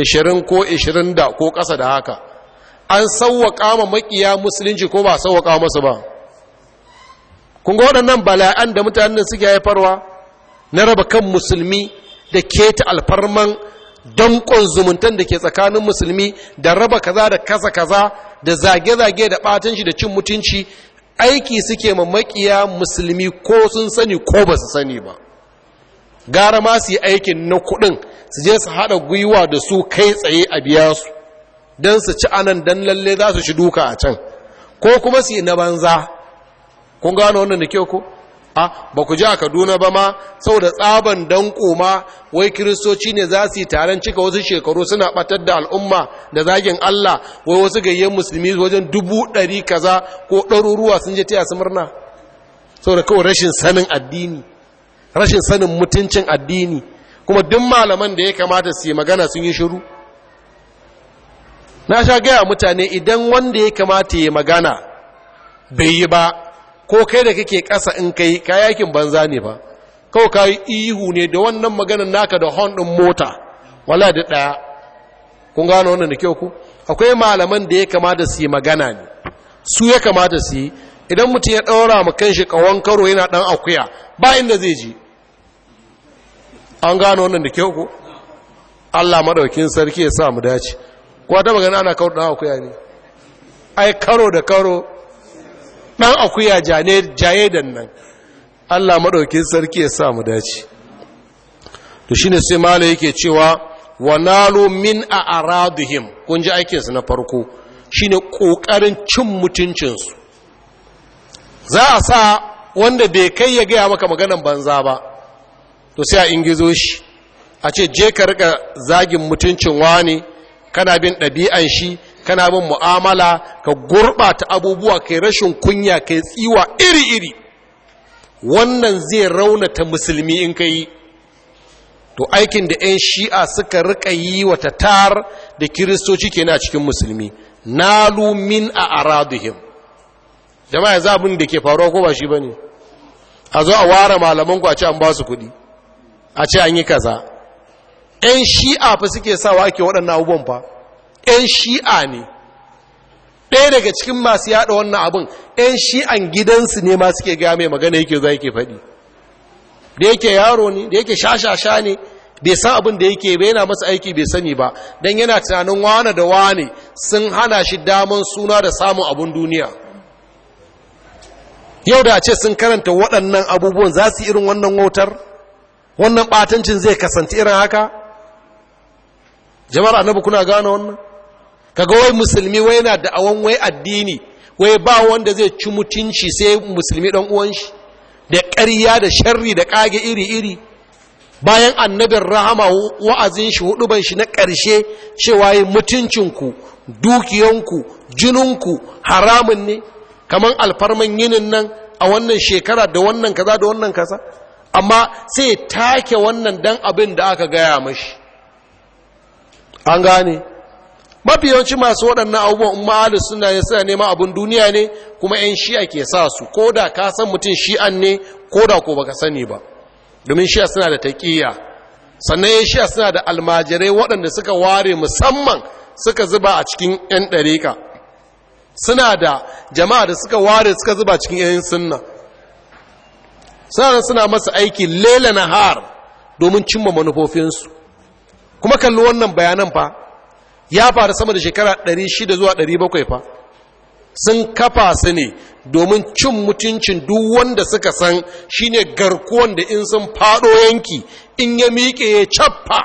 ishirin ko ishirin da ko ƙasa da haka an sauwaƙa ma maƙiya musulunci ko ba sauwaƙa masu ba kun ga waɗannan bala'an da mutanen suke haifarwa na raba kan musulmi da keta alfarman danƙon zumuntan da ke tsakanin musulmi da raba kaza da kasa kaza da zage-zage da ɓatanci da cin mutunci aiki suke ma makiya musulmi ko sun sani ko ba su sani ba gara ma su yi aikin na kuɗin su je su haɗa gwiwa da su kai tsaye a biya su don su ci anan don lalle za su shi duka a can ko kuma su yi na banza kun gano wannan da kyau ko a ba ku ji a kaduna ba ma saboda tsaban dan koma wai kiristoci ne za su yi taron cika wasu shekaru suna batar da al'umma da zagin allah wai wasu gayyen musulmi wajen dubu ɗari kaza ko ɗaruruwa sun je taya su murna saboda kawai rashin sanin addini rashin sanin mutuncin addini kuma duk malaman da ya kamata su yi magana sun yi shiru na sha gaya mutane idan wanda ya kamata ya magana bai yi ba ko kai da kake ƙasa in kai kayakin banza ne ba kawai ka yi ihu ne da wannan maganan naka da hon mota wala da ɗaya kun gano wannan da kyau ku akwai malaman da ya kamata su yi magana ne su ya kamata su yi idan mutum ya ɗaura ma shi ƙawon karo yana ɗan akuya ba da zai ji an gano wannan da kyau ku Allah maɗaukin sarki ya sa mu dace kuwa ta magana ana kawo ɗan akuya ne ai karo da karo ɗan akuya jaye da nan allah maɗaukin sarki ya samu mu dace to shi ne sai mala yake cewa wa min a aradihim kun ji aikinsu na farko shi ne ƙoƙarin cin mutuncinsu za a sa wanda bai kai ya gaya maka maganan banza ba to sai a ingizo shi a ce je ka riƙa zagin mutuncin wani kana bin ɗabi'an shi kana bin mu'amala ka gurɓata abubuwa kai rashin kunya kai tsiwa iri-iri wannan zai raunata musulmi in ka yi to aikin da 'yan shi'a suka rika yi wa tatar da kiristoci ke na cikin musulmi nalu min a araduhim jama'a za abin da ke faruwa ko ba shi ba ne a zo a ware malaman ku a ce an ba su kuɗi a ce an yi kaza 'yan shi'a fa suke sawa ake waɗannan abubuwan fa 'yan shi'a ne ɗaya daga cikin masu yaɗa wannan abin 'yan shi'an gidansu ne ma suke game magana yake za yake faɗi da yake yaro ne da yake shashasha ne bai san abin da yake bai yana masu aiki bai sani ba don yana tunanin wane da wane sun hana shi daman suna da samun abin duniya yau da a ce sun karanta waɗannan abubuwan za su irin wannan wautar wannan batancin zai kasance irin haka jama'ar annabi kuna gano wannan kaga wai musulmi wai yana da awon wai addini wai ba wanda zai ci mutunci sai musulmi dan uwan shi da ƙarya da sharri da kage iri iri bayan annabin rahama wa'azin shi huduban shi na ƙarshe cewa yi mutuncinku dukiyanku jininku haramun ne kamar alfarman yinin nan a wannan shekara da wannan kaza da wannan kaza amma sai take wannan dan abin da aka gaya mashi an gane mafi yawanci masu waɗannan abubuwan ma'alis suna ne suna neman abin duniya ne kuma 'yan shi'a ke sa su ko da ka san mutum shi'an ne ko da ko baka sani ba domin shi'a suna da taƙiyya sannan 'yan shi'a suna da almajirai waɗanda suka ware musamman suka zuba a cikin 'yan ɗarika suna da jama'a da suka ware suka zuba a cikin 'yan sunna suna suna masa aiki lela na har domin cimma manufofinsu kuma kalli wannan bayanan fa ya faru sama da shekara 600 zuwa 700 fa sun kafa su ne domin cin mutuncin duk wanda suka san shine garkuwan da in sun faɗo yanki in ya miƙe ya cappa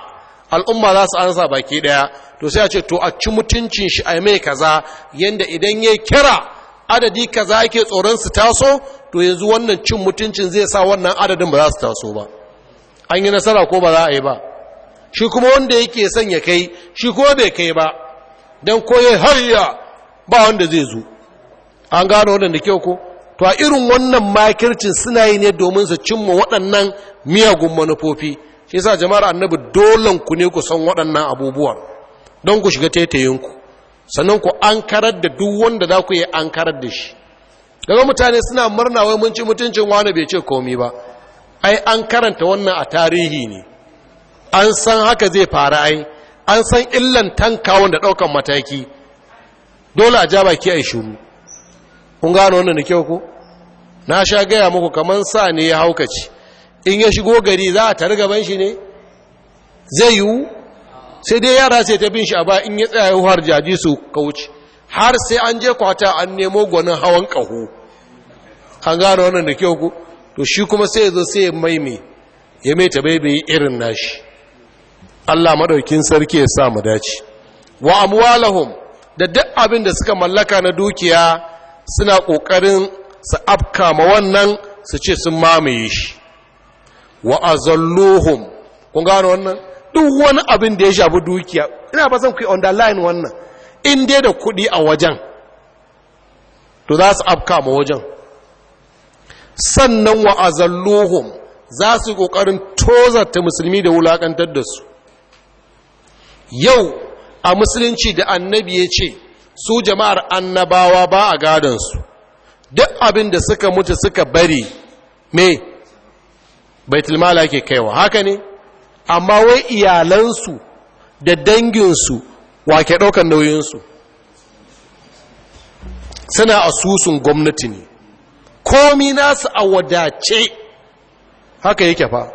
al'umma za su ansa baki daya to sai a ce to a ci mutuncin shi a mai kaza yanda idan ya kira adadi kaza yake tsoron su taso to yanzu wannan cin mutuncin zai sa wannan adadin ba za su taso ba an yi nasara ko ba za a yi ba shi kuma wanda yake son ya kai shi ko bai kai ba don koye ya, ba wanda zai zo an gano wannan da kyau ko to a irin wannan makircin suna yi ne domin su cimma waɗannan miyagun manufofi shi sa jama'ar annabi dolan ku ne ku san waɗannan abubuwan don ku shiga taitayinku sannan ku an karar da duk wanda za ku yi an karar da shi daga mutane suna murna wai mun ci mutuncin wani bai ce komi ba ai an karanta wannan a tarihi ne an san haka zai fara ai an san illan tankawon da ɗaukan mataki dole a ja baki a yi shuru kun gano wannan da kyau ko na sha gaya muku kamar sa ne ya haukaci in ya shigo gari za a tare gaban shi ne zai yiwu sai dai yara sai ta bin shi a ba in ya tsaya har jaji su kauci har sai an je kwata an nemo gwanin hawan kaho. an gano wannan da kyau ku to shi kuma sai ya zo sai ya maime ya mai ta bai bai irin nashi Allah madaukin sarki ya sa mu dace wa amwalahum da duk abin da suka mallaka na dukiya suna kokarin su afka ma wannan su ce sun mamaye shi wa azalluhum kun gano wannan duk wani abin da ya shafi dukiya ina ba san ku underline wannan in dai da kuɗi a wajen to za su afka ma wajen sannan wa azalluhum za su yi ƙoƙarin tozarta musulmi da wulaƙantar da su yau a musulunci da annabi ya ce su jama'ar annabawa ba a gadansu duk abin da suka mutu suka bari me baitulmala ke kaiwa haka ne amma wai iyalansu da danginsu wa ke ɗaukan nauyinsu suna asusun gwamnati ne komi nasu a wadace haka yake fa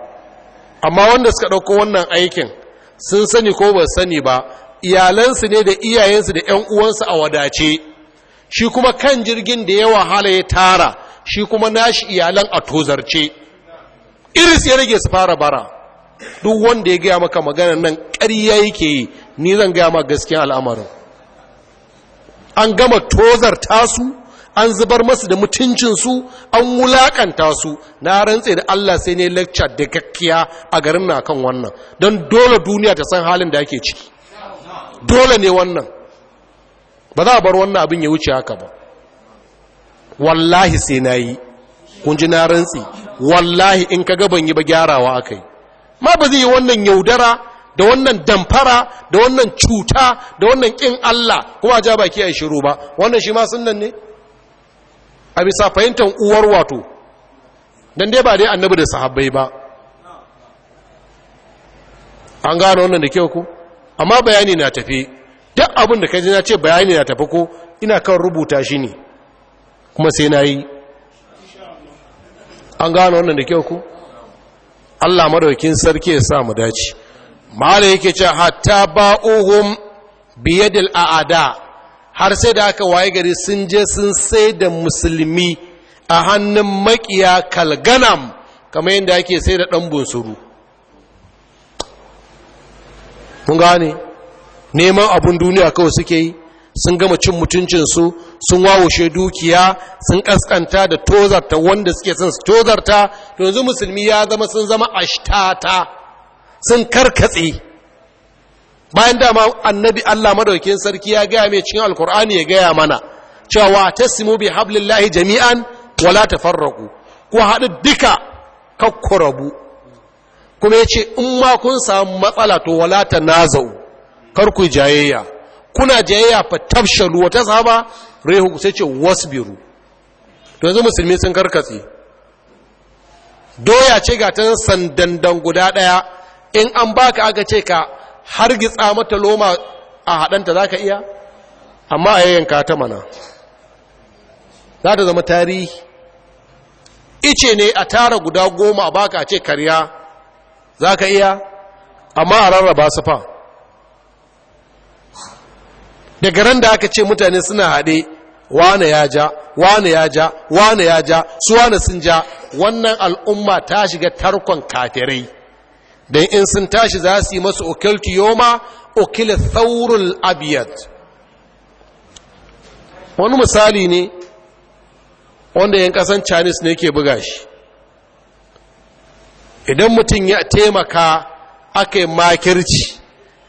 amma wanda suka ɗauko wannan aikin sun sani ko ba sani ba iyalansu ne da iyayensu da 'yan uwansu a wadace shi kuma kan jirgin da ya wahala ya tara shi kuma nashi iyalan a tozarce iris ya rage su fara bara duk wanda ya gaya maka magana nan ƙarya yake yi ni zan gaya maka gaskiya al'amarin an gama tozar tasu an zubar masu da mutuncinsu an wulaƙanta su na rantse da Allah sai ne lecture da gakkiya a garin na kan wannan don dole duniya ta san halin da ake ciki dole ne wannan ba za a bar wannan abin ya wuce haka ba wallahi sai na yi kun ji na rantse wallahi in ka gaban yi ba gyarawa aka yi ma ba zai yi wannan yaudara da wannan damfara da wannan cuta da wannan ƙin Allah kuma a ja baki a shiru ba wannan shi ma sunan ne a bisa fahimtar uwar wato don dai ba dai annabi da sahabbai ba an gano wannan da kyau ku. amma bayani na tafi duk abin da ka ji na ce bayani na tafi ko ina kan rubuta shi ne kuma sai na yi an gano wannan da kyau ku. Allah madaukin sarki ya sa mu dace mala yake ce hatta ba'uhum biyadil a'ada har sai da aka waye gari sun je sun sai da musulmi a hannun makiya kalganam kamar yadda ake sai da ɗan bunsuru mun gane neman abin duniya kawai suke yi sun gama cin mutuncinsu sun wawushe dukiya sun ƙasƙanta da tozarta wanda suke sun tozarta yanzu musulmi ya zama sun zama ashtata sun karkatse bayan dama annabi Allah madaukin sarki ya gaya mai cikin alkur'ani ya gaya mana cewa wa tasimu bi hablillahi jami'an wala tafarraqu ku haɗu duka kakkurabu kuma yace in ma kun samu matsala to wala tanazau kar ku jayayya kuna jayayya fa tafshalu wata saba? rehu sai ce wasbiru to yanzu musulmi sun karkatse doya ce ga ta sandandan guda daya in an baka aka ce ka har gitsa mata loma a haɗanta za ka iya amma a yayyanka ta mana za ta zama tarihi ice ne a tara guda goma a baka a ce karya za ka iya amma a rarraba su fa daga ran da aka ce mutane suna haɗe wane ya ja wane ya ja wane ya ja su wane sun ja wannan al'umma ta shiga tarkon kafirai dan in sun tashi za su yi masu okiltu yoma okil thaurul abiyat wani misali ne wanda yan kasan chinese ne ke buga shi idan mutum ya taimaka aka yi makirci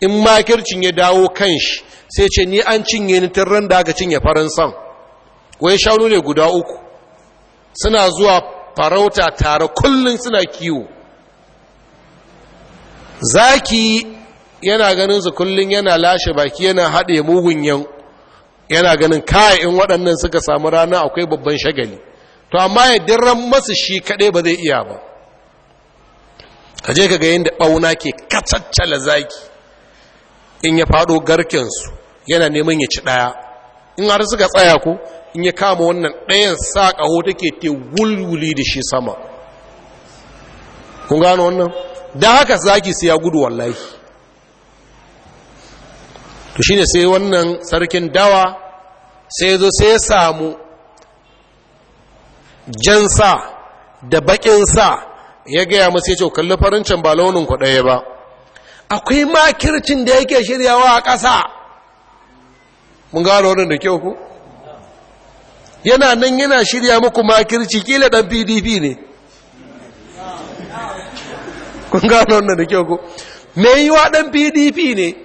in makircin ya dawo kan shi sai ce ni an cinye ni ran da aka cinye faransan wai shanu ne guda uku suna zuwa farauta tare kullum suna kiwo zaki yana ganin su kullum yana lashe baki yana haɗe mugun yau yana ganin kayan in waɗannan suka samu rana akwai babban shagali to amma ya ran masu shi kaɗai ba zai iya ba ka je ka ga yadda ɓauna ke kacaccala zaki in ya faɗo garkensu yana neman ya ci ɗaya in har suka tsaya ko in ya kama wannan ɗayan sa ƙaho take te wulwuli da shi sama kun gano wannan don haka zaki ki siya gudu wallahi to ne sai wannan sarkin dawa sai zo sai samu jansa da bakin sa ya gaya masu ya ce kalli farin can ba launin kwaɗaya ba akwai makircin da yake shiryawa a ƙasa mun gano wannan da kyau ku yana nan yana shirya muku makirci kila ɗan pdp ne kun gano wannan da kyau ko Me yi wa ɗan pdp ne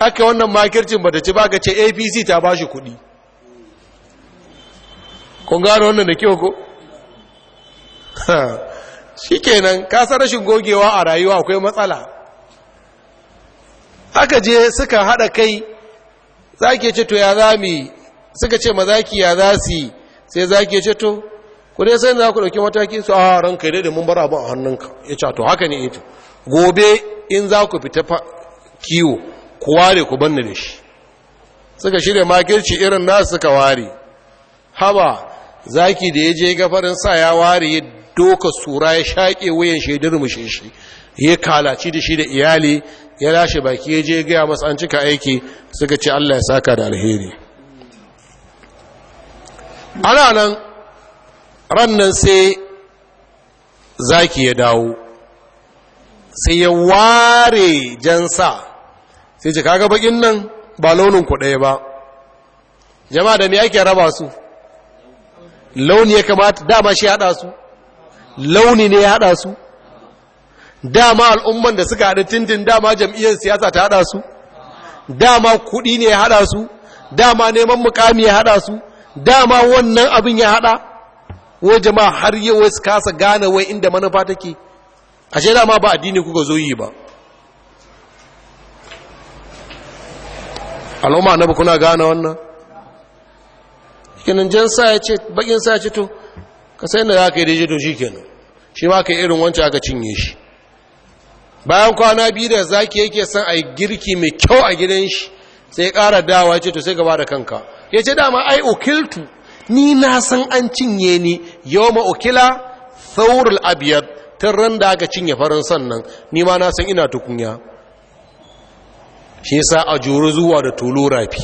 aka wannan makircin ba ta ci ba ka ce apc ta ba shi kuɗi kun gano wannan da kyau ko shi nan kasar rashin gogewa a rayuwa akwai matsala aka je suka haɗa kai za ke ce to ya zami suka ce ma za ki ya za su sai za ke ce to ku dai sai za ku dauki mataki su a ranka da mun bar abin a hannunka ya ce to haka ne ita gobe in za ku fita kiwo ku ware ku banna da shi suka shirya makirci irin nasu suka ware haba zaki da ya je gafarin sa ya ware ya doka sura ya shaƙe wuyan shaidar mushe shi ya kalaci da shi da iyali ya lashe baki ya je gaya masa an cika aiki suka ce Allah ya saka da alheri ana nan rannan sai zaki ya dawo sai ya ware jansa sai ce kaga bakin nan ba launin ku ɗaya ba jama'a da mai ake raba su launi ya kamata dama shi haɗa su launi ne ya haɗa su dama al'umman da suka haɗa tintin dama jam'iyyar siyasa ta haɗa su dama kuɗi ne ya haɗa su dama neman mukami ya haɗa su dama wannan abin ya haɗa wo jama'a har yau wasu kasa gane wai inda manufa take shaida dama ba addini kuka zo yi ba al'umma na kuna gane wannan kenan jan sa ya ce bakin sa ya ce to ka sai na za ka yi daji to shi kenan shi ma ka yi irin wancan aka cinye shi bayan kwana biyu da zaki yake son a yi girki mai kyau a gidan shi sai ya ƙara dawa ce to sai gaba da kanka ya ce dama ai okiltu ni na san an cinye ni yau ma'ukila thaurul abiyar tun ran da aka cinye farin sannan ni ma na san ina tukunya shi sa a juru zuwa da tulu rafi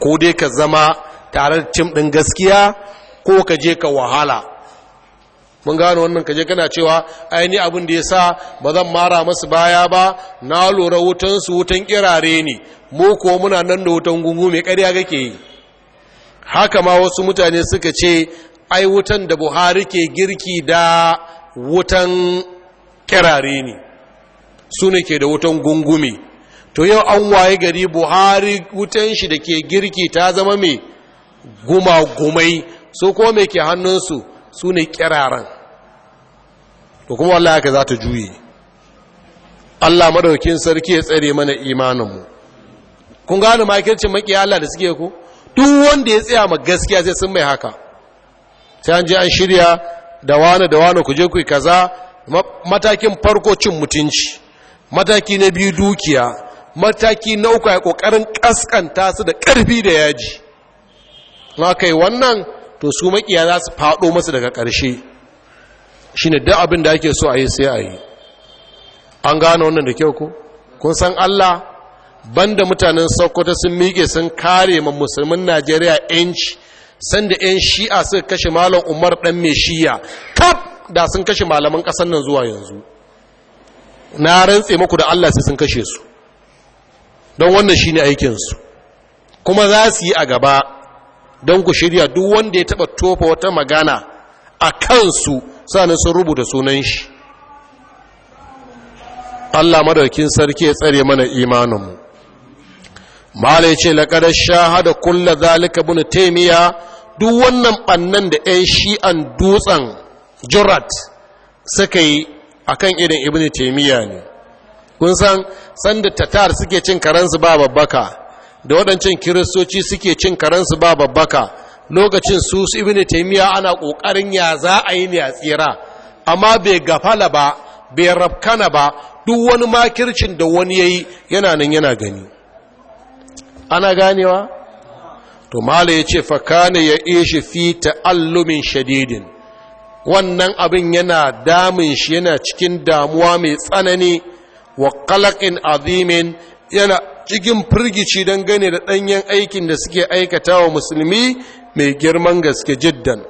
ko dai ka zama tare da cim ɗin gaskiya ko ka je ka wahala mun gano wannan kaje kana cewa aini abin da ya sa ba zan mara masu baya ba na lura wutansu wutan kirare ne mu ko muna nan da wutan gungu mai ƙarya kake yi haka ma wasu mutane suka ce ai wutan da buhari ke girki da wutan kirare ne su ne ke da wutan gungume to yau an waye gari buhari wutan shi da ke girki ta zama mai gumagumai so ko mai ke hannunsu su ne kiraren to kuma wallah ka za ta juye Allah madaukin sarki ya tsare mana imaninmu kun gane makircin maƙiya Allah da suke ku? duk wanda ya tsaya ma gaskiya zai sun mai haka sai an je an shirya da wani da wani ku je ku kaza matakin farko cin mutunci mataki na biyu dukiya mataki na uku ya kokarin kaskanta su da karfi da yaji na kai wannan to su makiya za su fado masu daga ƙarshe shine duk abin da ake so a yi sai a yi an gane wannan da kyau ko kun san Allah banda mutanen sokoto sun miƙe sun kare ma musulmin najeriya yanci sanda yan shi'a suka kashe malam umar dan mai Shi'a kaf da sun kashe malaman kasar nan zuwa yanzu na rantse muku da allah sai sun kashe su don wannan shi ne aikinsu kuma za su yi a gaba don ku shirya duk wanda ya taɓa tofa wata magana a kansu sanin sun rubuta sunan shi allah madaukin sarki ya tsare mana imaninmu mala ya ce laƙadar shahada kulla zalika bin taimiya duk wannan ɓannan da 'yan shi'an dutsen jurat suka yi a kan irin ibn taimiya ne kun san sanda tatar suke cin karansu ba babbaka da waɗancan kiristoci suke cin karansu ba babbaka lokacin su su ibn taimiya ana ƙoƙarin ya za a yi ne a tsira amma bai gafala ba bai rafkana ba duk wani makircin da wani ya yi yana nan yana gani ana ganewa to mala ya ce fakana ya ishi fi ta'allumin shadidin wannan abin yana damun shi yana cikin damuwa mai tsanani wa qalaqin azimin yana cikin firgici don gane da ɗanyen aikin da suke aikata wa musulmi mai girman gaske jiddan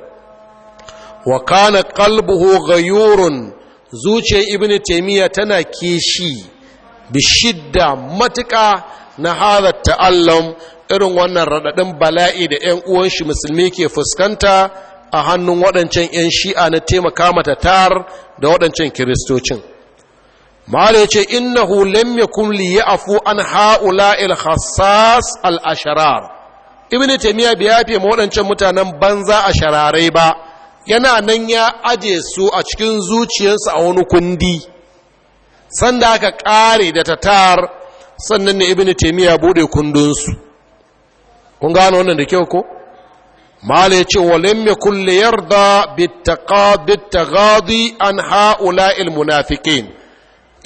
wa kana qalbuhu ghayurun zuciyar ibnu taymiya tana kishi bishidda, shidda matuƙa na hada ta'allam irin wannan raɗaɗin bala'i da 'yan uwan shi musulmi ke fuskanta a hannun waɗancan 'yan shi'a na taimaka mata tar da waɗancan kiristocin mala ya ce innahu lam yakun li ya'fu an ha'ula il hassas al asharar ibn taymiya bai yafe ma waɗancan mutanen banza a shararai ba yana nan ya aje su a cikin zuciyarsu a wani kundi sanda aka ƙare da tatar sannan ne ibn taymiya bude kundunsu kun gano wannan da kyau ko mala yace mai kulle yarda bitta gadi an ha'ula ilmunafikin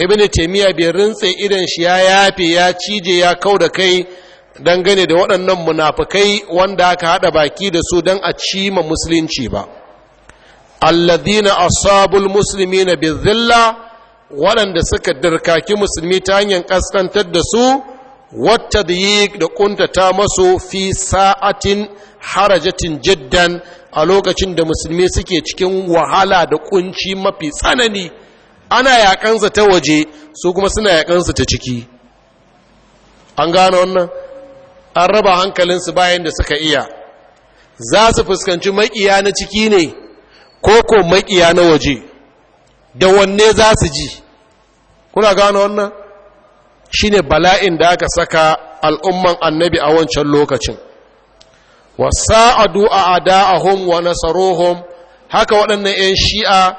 ibini taymiya bai rintse idan shi ya yafe ya cije ya kau da kai dangane da waɗannan munafikai wanda aka haɗa baki da su don a cima musulunci ba alladina asabul muslimina bizilla waɗanda suka dirkaki musulmi ta hanyar ƙasƙantar da su wata da yi da ƙuntata masu fi sa'atin harajatin jiddan a lokacin da musulmi suke cikin wahala da ƙunci mafi tsanani ana yaƙansa ta waje su kuma suna yaƙansa ta ciki an gano wannan an raba hankalinsu bayan da suka iya za su fuskanci maƙiya na ciki ne ko ko maƙiya na waje da wanne za su ji kuna gano wannan Shi ne bala'in da aka saka al'umman annabi a wancan lokacin wasa'adu a ada'ahum wa nasarohun haka waɗannan 'yan shi'a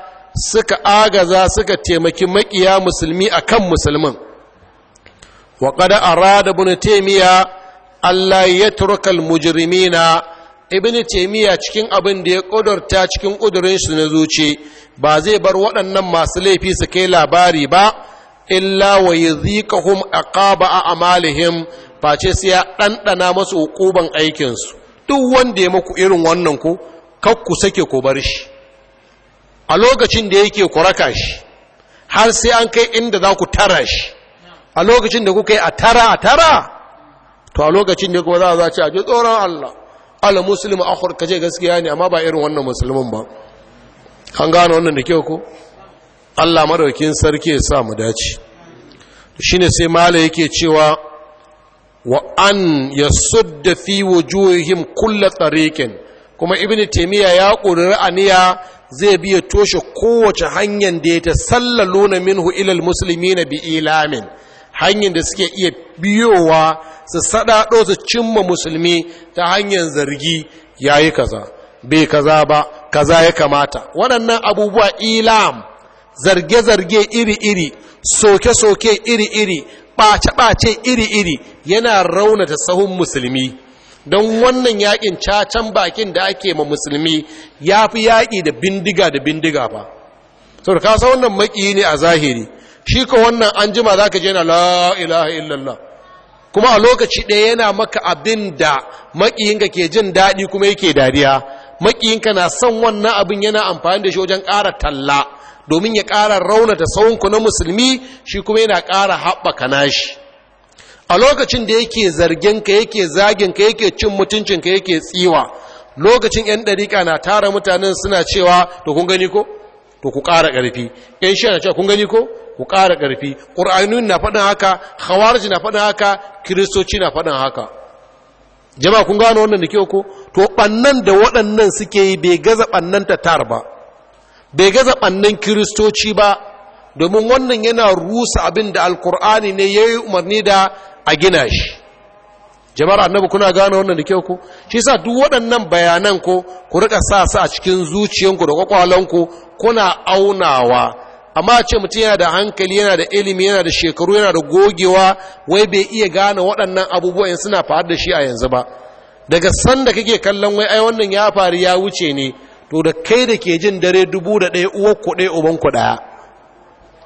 suka agaza suka taimaki makiya musulmi a kan musulmin wa ƙada a rada bin taimiya allah ya turkal mujirimina ibn taimiyya cikin abin da ya ƙudurta cikin kudurin shi na zuci ba zai bar waɗannan masu laifi su kai labari ba illa wa hum aqaba a amalihim face sai ya ɗanɗana masu hukuban aikinsu duk wanda ya muku irin wannan ku kar ku sake ku bar shi a lokacin da yake ku raka shi har sai an kai inda za ku tara shi a lokacin da kuka yi a tara a tara to a lokacin da kuma za a ce a ji tsoron Allah qala muslimu akhur kace gaskiya ne amma ba irin wannan musulmin ba an gano wannan da kyau ko Allah madaukin sarki ya sa mu dace shine sai mala yake cewa wa an yasudda fi wujuhihim kullu tariqin kuma Ibn taymiya ya ƙuriri aniya zai biya toshe kowace hanyar da ya ta sallaluna minhu ilal musulmi na bi ilamin hanyar da suke iya biyowa su saɗaɗo su cimma musulmi ta hanyar zargi ya yi kaza bai kaza ba kaza ya kamata waɗannan abubuwa ilam zarge-zarge iri-iri soke-soke iri-iri ɓace-ɓace iri-iri yana raunata sahun musulmi don wannan yakin cacan bakin da ake ma musulmi ya fi yaƙi da bindiga da bindiga ba sau da kasa wannan maƙiyi ne a zahiri shi ko wannan an jima za ka je na illallah kuma a lokaci ɗaya yana maka abin da maƙiyinka ke jin daɗi kuma yake dariya maƙiyinka na son wannan abin yana amfani da shi wajen ƙara talla domin ya ƙara raunata sauinku na musulmi shi kuma yana ƙara haɓaka nashi a lokacin da yake zarginka yake zaginka yake cin mutuncin ka, yake tsiwa lokacin 'yan ɗariƙa na tara mutanen suna cewa to kun gani ko to ku ƙara ƙarfi 'yan shi na cewa kun gani ko ku ƙara ƙarfi Ƙur'ani na faɗin haka hawarci na faɗin haka kiristoci na faɗin haka jama'a kun gano wannan da kyau ko to ɓannan da waɗannan suke yi bai gaza ɓannan tatar ba bai gaza ɓannan kiristoci ba domin wannan yana rusa abin da alkur'ani ne ya yi umarni da a gina shi jama'ar annabi kuna gano wannan da kyau ko shi sa duk waɗannan bayanan ko ku rika sa su a cikin zuciyanku da ƙwaƙwalanku kuna aunawa amma ce mutum yana da hankali yana da ilimi yana da shekaru yana da gogewa wai bai iya gane waɗannan abubuwa in suna faru da shi a yanzu ba daga sanda kake kallon wai ai wannan ya faru ya wuce ne to da kai da ke jin dare dubu da ɗaya uwar ku ɗaya uban ku ɗaya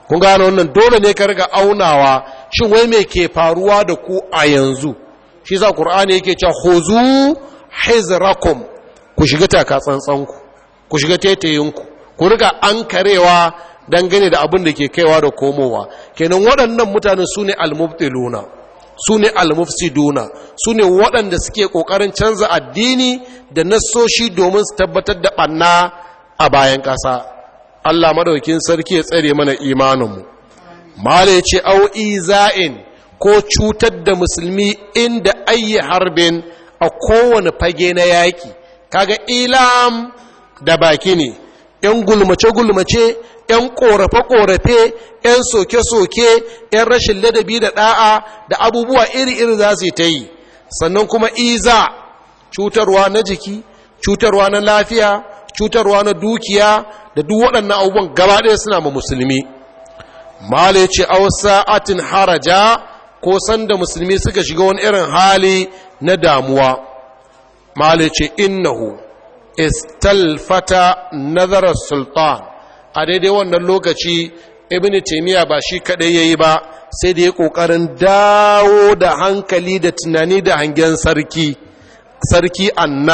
kun gane wannan dole ne ka riga aunawa shin wai me ke faruwa da ku a yanzu shi sa qur'ani yake cewa khuzu hizrakum ku shiga taka tsantsanku ku shiga tetayinku ku riga ankarewa dangane da abin da ke kaiwa da komowa kenan waɗannan mutane su ne almubtiluna su ne almufsiduna su ne waɗanda suke ƙoƙarin canza addini da nassoshi domin su tabbatar da ɓanna a bayan ƙasa allah madaukin sarki ya tsare mana imaninmu mala ya ce au iza'in ko cutar da musulmi inda ayi harbin a kowane fage na yaƙi kaga ilam da baki ne 'yan gulmace-gulmace 'yan ƙorafe-ƙorafe 'yan soke-soke 'yan rashin ladabi da ɗa'a da abubuwa iri-iri za su ta yi sannan kuma iza cutarwa na jiki cutarwa na lafiya cutarwa na dukiya da duk waɗannan abubuwan gaba ɗaya suna ma musulmi male ce sa'atin haraja ko sanda musulmi suka shiga wani irin hali na damuwa male ce innahu istalfata nazarar sultan a daidai wannan lokaci ibn taimiyya ba shi kaɗai yayi ba sai da ya ƙoƙarin dawo da hankali da tunani da hangen sarki sarki anna